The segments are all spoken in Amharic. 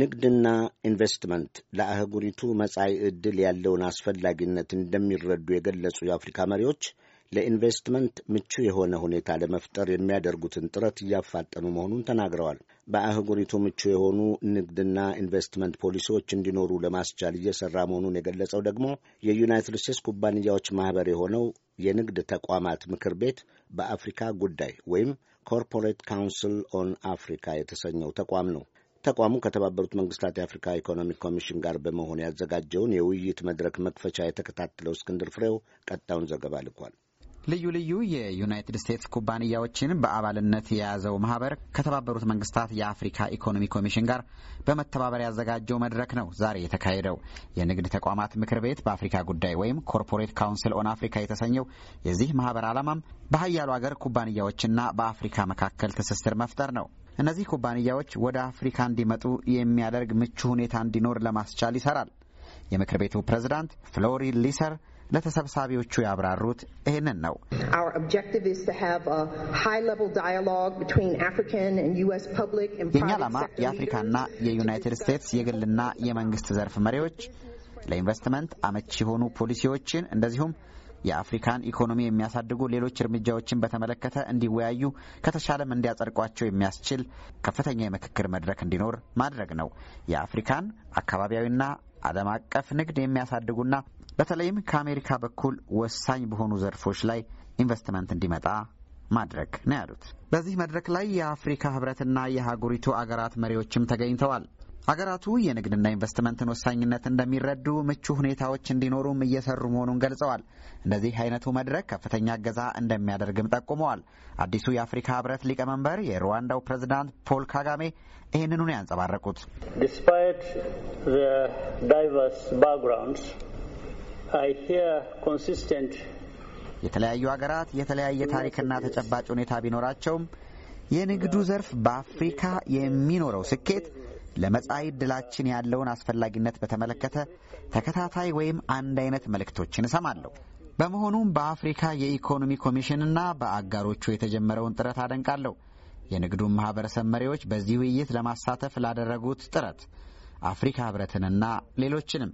ንግድና ኢንቨስትመንት ለአህጉሪቱ መጻኢ ዕድል ያለውን አስፈላጊነት እንደሚረዱ የገለጹ የአፍሪካ መሪዎች ለኢንቨስትመንት ምቹ የሆነ ሁኔታ ለመፍጠር የሚያደርጉትን ጥረት እያፋጠኑ መሆኑን ተናግረዋል። በአህጉሪቱ ምቹ የሆኑ ንግድና ኢንቨስትመንት ፖሊሲዎች እንዲኖሩ ለማስቻል እየሰራ መሆኑን የገለጸው ደግሞ የዩናይትድ ስቴትስ ኩባንያዎች ማህበር የሆነው የንግድ ተቋማት ምክር ቤት በአፍሪካ ጉዳይ ወይም ኮርፖሬት ካውንስል ኦን አፍሪካ የተሰኘው ተቋም ነው። ተቋሙ ከተባበሩት መንግስታት የአፍሪካ ኢኮኖሚክ ኮሚሽን ጋር በመሆን ያዘጋጀውን የውይይት መድረክ መክፈቻ የተከታተለው እስክንድር ፍሬው ቀጣዩን ዘገባ ልኳል። ልዩ ልዩ የዩናይትድ ስቴትስ ኩባንያዎችን በአባልነት የያዘው ማህበር ከተባበሩት መንግስታት የአፍሪካ ኢኮኖሚ ኮሚሽን ጋር በመተባበር ያዘጋጀው መድረክ ነው ዛሬ የተካሄደው። የንግድ ተቋማት ምክር ቤት በአፍሪካ ጉዳይ ወይም ኮርፖሬት ካውንስል ኦን አፍሪካ የተሰኘው የዚህ ማህበር ዓላማም በሀያሉ አገር ኩባንያዎችና በአፍሪካ መካከል ትስስር መፍጠር ነው። እነዚህ ኩባንያዎች ወደ አፍሪካ እንዲመጡ የሚያደርግ ምቹ ሁኔታ እንዲኖር ለማስቻል ይሰራል። የምክር ቤቱ ፕሬዝዳንት ፍሎሪ ሊሰር ለተሰብሳቢዎቹ ያብራሩት ይህንን ነው። የእኛ ዓላማ የአፍሪካና የዩናይትድ ስቴትስ የግልና የመንግስት ዘርፍ መሪዎች ለኢንቨስትመንት አመቺ የሆኑ ፖሊሲዎችን እንደዚሁም የአፍሪካን ኢኮኖሚ የሚያሳድጉ ሌሎች እርምጃዎችን በተመለከተ እንዲወያዩ ከተሻለም እንዲያጸድቋቸው የሚያስችል ከፍተኛ የምክክር መድረክ እንዲኖር ማድረግ ነው። የአፍሪካን አካባቢያዊና ዓለም አቀፍ ንግድ የሚያሳድጉና በተለይም ከአሜሪካ በኩል ወሳኝ በሆኑ ዘርፎች ላይ ኢንቨስትመንት እንዲመጣ ማድረግ ነው ያሉት። በዚህ መድረክ ላይ የአፍሪካ ህብረትና የሀጉሪቱ አገራት መሪዎችም ተገኝተዋል። አገራቱ የንግድና ኢንቨስትመንትን ወሳኝነት እንደሚረዱ ምቹ ሁኔታዎች እንዲኖሩም እየሰሩ መሆኑን ገልጸዋል። እንደዚህ አይነቱ መድረክ ከፍተኛ እገዛ እንደሚያደርግም ጠቁመዋል። አዲሱ የአፍሪካ ህብረት ሊቀመንበር የሩዋንዳው ፕሬዝዳንት ፖል ካጋሜ ይህንኑ ያንጸባረቁት የተለያዩ ሀገራት የተለያየ ታሪክና ተጨባጭ ሁኔታ ቢኖራቸውም የንግዱ ዘርፍ በአፍሪካ የሚኖረው ስኬት ለመጻኢ ዕድላችን ያለውን አስፈላጊነት በተመለከተ ተከታታይ ወይም አንድ አይነት መልእክቶችን እሰማለሁ። በመሆኑም በአፍሪካ የኢኮኖሚ ኮሚሽንና በአጋሮቹ የተጀመረውን ጥረት አደንቃለሁ። የንግዱን ማህበረሰብ መሪዎች በዚህ ውይይት ለማሳተፍ ላደረጉት ጥረት አፍሪካ ህብረትንና ሌሎችንም።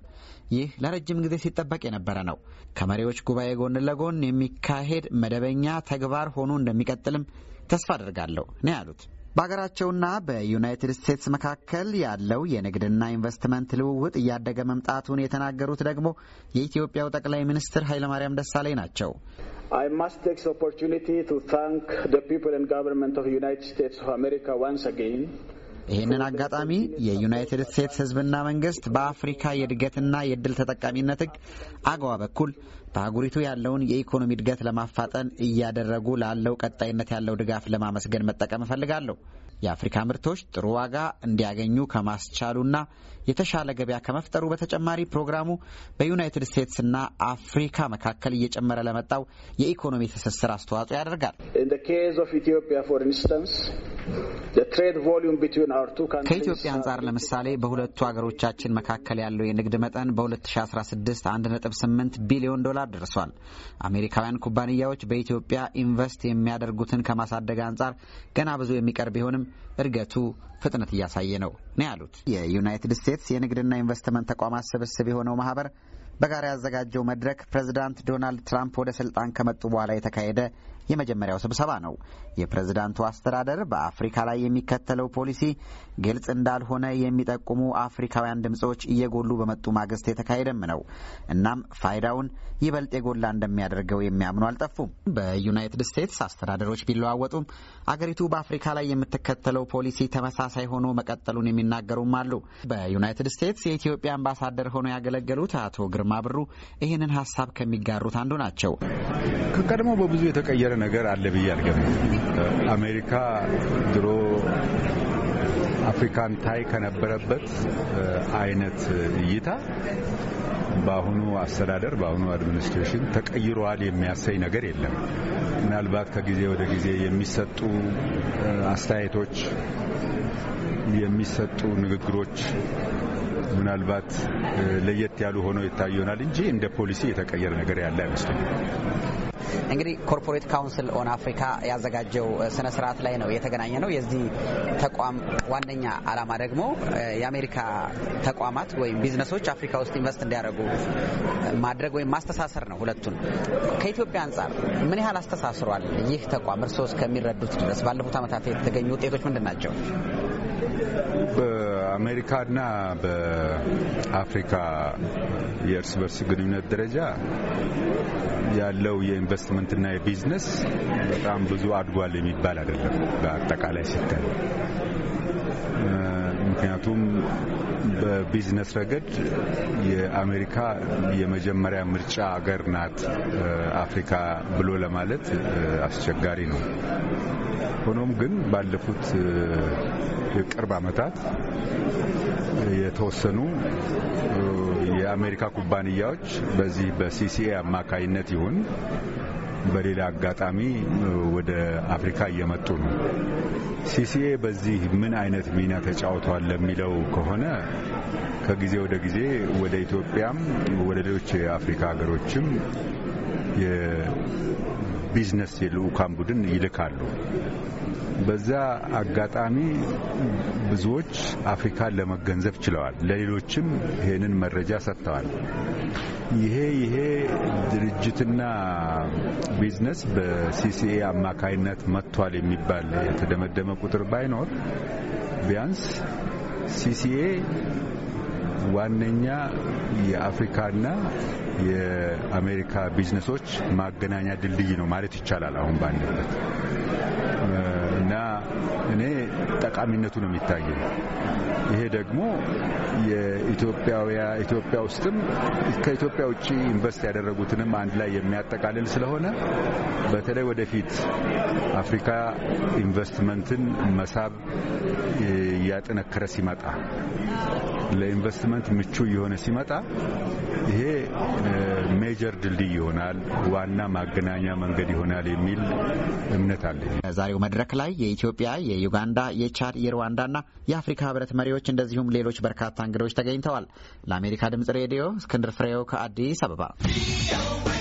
ይህ ለረጅም ጊዜ ሲጠበቅ የነበረ ነው። ከመሪዎች ጉባኤ ጎን ለጎን የሚካሄድ መደበኛ ተግባር ሆኖ እንደሚቀጥልም ተስፋ አድርጋለሁ ነው ያሉት። በሀገራቸውና በዩናይትድ ስቴትስ መካከል ያለው የንግድና ኢንቨስትመንት ልውውጥ እያደገ መምጣቱን የተናገሩት ደግሞ የኢትዮጵያው ጠቅላይ ሚኒስትር ኃይለማርያም ደሳለኝ ናቸው። I must take this opportunity to thank the people and government of the United States of America once again ይህንን አጋጣሚ የዩናይትድ ስቴትስ ህዝብና መንግስት በአፍሪካ የእድገትና የእድል ተጠቃሚነት ህግ አገዋ በኩል በአህጉሪቱ ያለውን የኢኮኖሚ እድገት ለማፋጠን እያደረጉ ላለው ቀጣይነት ያለው ድጋፍ ለማመስገን መጠቀም እፈልጋለሁ። የአፍሪካ ምርቶች ጥሩ ዋጋ እንዲያገኙ ከማስቻሉና የተሻለ ገበያ ከመፍጠሩ በተጨማሪ ፕሮግራሙ በዩናይትድ ስቴትስና አፍሪካ መካከል እየጨመረ ለመጣው የኢኮኖሚ ትስስር አስተዋጽኦ ያደርጋል። ከኢትዮጵያ አንጻር ለምሳሌ በሁለቱ ሀገሮቻችን መካከል ያለው የንግድ መጠን በ2016 1.8 ቢሊዮን ዶላር ጉዳት ደርሷል። አሜሪካውያን ኩባንያዎች በኢትዮጵያ ኢንቨስት የሚያደርጉትን ከማሳደግ አንጻር ገና ብዙ የሚቀር ቢሆንም እድገቱ ፍጥነት እያሳየ ነው ነው ያሉት የዩናይትድ ስቴትስ የንግድና ኢንቨስትመንት ተቋማት ስብስብ የሆነው ማህበር በጋራ ያዘጋጀው መድረክ ፕሬዝዳንት ዶናልድ ትራምፕ ወደ ስልጣን ከመጡ በኋላ የተካሄደ የመጀመሪያው ስብሰባ ነው። የፕሬዝዳንቱ አስተዳደር በአፍሪካ ላይ የሚከተለው ፖሊሲ ግልጽ እንዳልሆነ የሚጠቁሙ አፍሪካውያን ድምፆች እየጎሉ በመጡ ማግስት የተካሄደም ነው። እናም ፋይዳውን ይበልጥ የጎላ እንደሚያደርገው የሚያምኑ አልጠፉም። በዩናይትድ ስቴትስ አስተዳደሮች ቢለዋወጡም አገሪቱ በአፍሪካ ላይ የምትከተለው ፖሊሲ ተመሳሳይ ሆኖ መቀጠሉን የሚናገሩም አሉ። በዩናይትድ ስቴትስ የኢትዮጵያ አምባሳደር ሆኖ ያገለገሉት አቶ ግርማ ግርማ ብሩ ይህንን ሀሳብ ከሚጋሩት አንዱ ናቸው። ከቀድሞ በብዙ የተቀየረ ነገር አለ ብዬ አልገባም። አሜሪካ ድሮ አፍሪካን ታይ ከነበረበት አይነት እይታ በአሁኑ አስተዳደር በአሁኑ አድሚኒስትሬሽን ተቀይሯል የሚያሰኝ ነገር የለም። ምናልባት ከጊዜ ወደ ጊዜ የሚሰጡ አስተያየቶች የሚሰጡ ንግግሮች ምናልባት ለየት ያሉ ሆነው ይታዩናል እንጂ እንደ ፖሊሲ የተቀየረ ነገር ያለ አይመስለኝም። እንግዲህ ኮርፖሬት ካውንስል ኦን አፍሪካ ያዘጋጀው ስነ ስርዓት ላይ ነው የተገናኘ ነው። የዚህ ተቋም ዋነኛ ዓላማ ደግሞ የአሜሪካ ተቋማት ወይም ቢዝነሶች አፍሪካ ውስጥ ኢንቨስት እንዲያደርጉ ማድረግ ወይም ማስተሳሰር ነው። ሁለቱን ከኢትዮጵያ አንጻር ምን ያህል አስተሳስሯል ይህ ተቋም? እርስዎ እስከሚረዱት ድረስ ባለፉት ዓመታት የተገኙ ውጤቶች ምንድን ናቸው? በአሜሪካና በአፍሪካ የእርስ በርስ ግንኙነት ደረጃ ያለው የኢንቨስትመንትና የቢዝነስ በጣም ብዙ አድጓል የሚባል አይደለም። በአጠቃላይ ሲታይ ምክንያቱም በቢዝነስ ረገድ የአሜሪካ የመጀመሪያ ምርጫ አገር ናት አፍሪካ ብሎ ለማለት አስቸጋሪ ነው። ሆኖም ግን ባለፉት የቅርብ ዓመታት የተወሰኑ የአሜሪካ ኩባንያዎች በዚህ በሲሲኤ አማካይነት ይሁን በሌላ አጋጣሚ ወደ አፍሪካ እየመጡ ነው። ሲሲኤ በዚህ ምን አይነት ሚና ተጫውቷል ለሚለው ከሆነ ከጊዜ ወደ ጊዜ ወደ ኢትዮጵያም ወደ ሌሎች የአፍሪካ ሀገሮችም የቢዝነስ የልዑካን ቡድን ይልካሉ። በዛ አጋጣሚ ብዙዎች አፍሪካን ለመገንዘብ ችለዋል። ለሌሎችም ይሄንን መረጃ ሰጥተዋል። ይሄ ይሄ ድርጅትና ቢዝነስ በሲሲኤ አማካይነት መጥቷል የሚባል የተደመደመ ቁጥር ባይኖር ቢያንስ ሲሲኤ ዋነኛ የአፍሪካና የአሜሪካ ቢዝነሶች ማገናኛ ድልድይ ነው ማለት ይቻላል አሁን ባለበት ጠቃሚነቱ ነው የሚታየው። ይሄ ደግሞ የኢትዮጵያውያ ኢትዮጵያ ውስጥም ከኢትዮጵያ ውጭ ኢንቨስት ያደረጉትንም አንድ ላይ የሚያጠቃልል ስለሆነ በተለይ ወደፊት አፍሪካ ኢንቨስትመንትን መሳብ እያጠነከረ ሲመጣ ለኢንቨስትመንት ምቹ እየሆነ ሲመጣ ይሄ ሜጀር ድልድይ ይሆናል፣ ዋና ማገናኛ መንገድ ይሆናል የሚል እምነት አለ። በዛሬው መድረክ ላይ የኢትዮጵያ፣ የዩጋንዳ፣ የቻ የቻድ የሩዋንዳና የአፍሪካ ህብረት መሪዎች እንደዚሁም ሌሎች በርካታ እንግዶች ተገኝተዋል። ለአሜሪካ ድምጽ ሬዲዮ እስክንድር ፍሬው ከአዲስ አበባ